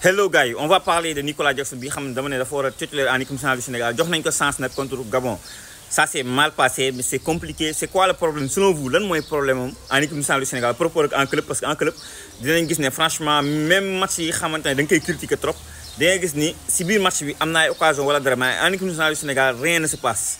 hello guys, on va parler de Nicolas Jackson bi nga titulaire en équipe du Sénégal jox ko contre le contre Gabon ça s'est mal passé mais c'est compliqué C'est quoi le problème selon vous est le problème en équipe du Sénégal à propos d'un club parce qu'un club franchement même match yi ne trop si match bi occasion en équipe du Sénégal rien ne se passe.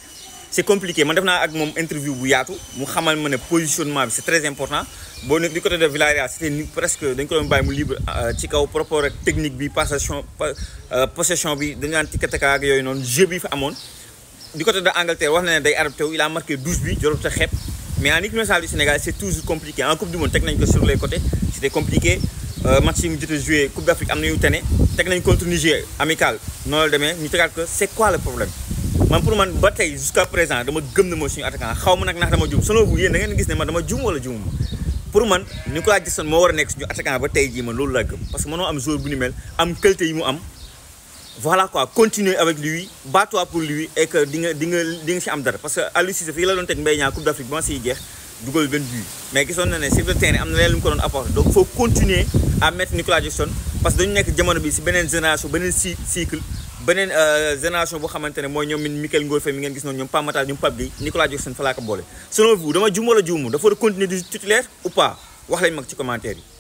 C'est compliqué man def naa ak interview bu Yatou. mu xamal ma positionnement c'est très important bon du côté de Villarreal c'était presque dañ ko doon bàyyi mu libre euh, ci kaw propos technique bi possession euh, possession bi dañu Il tikataka ak un noonu jeu bi fa du côté de Angleterre wax na day il a marqué 12 buts. j'ai ta mais en équipe nationale du Sénégal c'est toujours compliqué en coupe du monde technique nañ sur les côtés C'était compliqué euh, match yi mu a coupe d'Afrique Afrique am na yu nañ contre Niger amical non Demain. demee ñu tegaat ko quoi le problème man pour man ba tey jusqu'à présent dama gëm ne mooy suñu attaquant xaw ma nag ndax dama juum selon vous yéen da ngeen gis ne man dama juum wala juum pour man Nicolas Jackson moo war a nekk suñu attaquant ba tey jii man loolu laa gëm parce que si am dara parce que Aliou fii la doon teg Mbaye Niang Coupe d'Afrique ba ma jeex dugal benn but mais gisoon na ne sur le terrain am na leen lu mu ko doon apporté donc continuer à mettre Nicolas Jackson parce dañu nekk jamono bi si beneen génération beneen cycle beneen euh, génération boo xamante ne mooy ñoom min Mikel Ngor Faye mi ngeen gis noonu ñoom Pape Matar ñoom Pape Nicolas Jackson fa laa ko boole selon vous dama juum wala juumu dafa war a continuer du titulaire ou wax lañ mag ci commentaire yi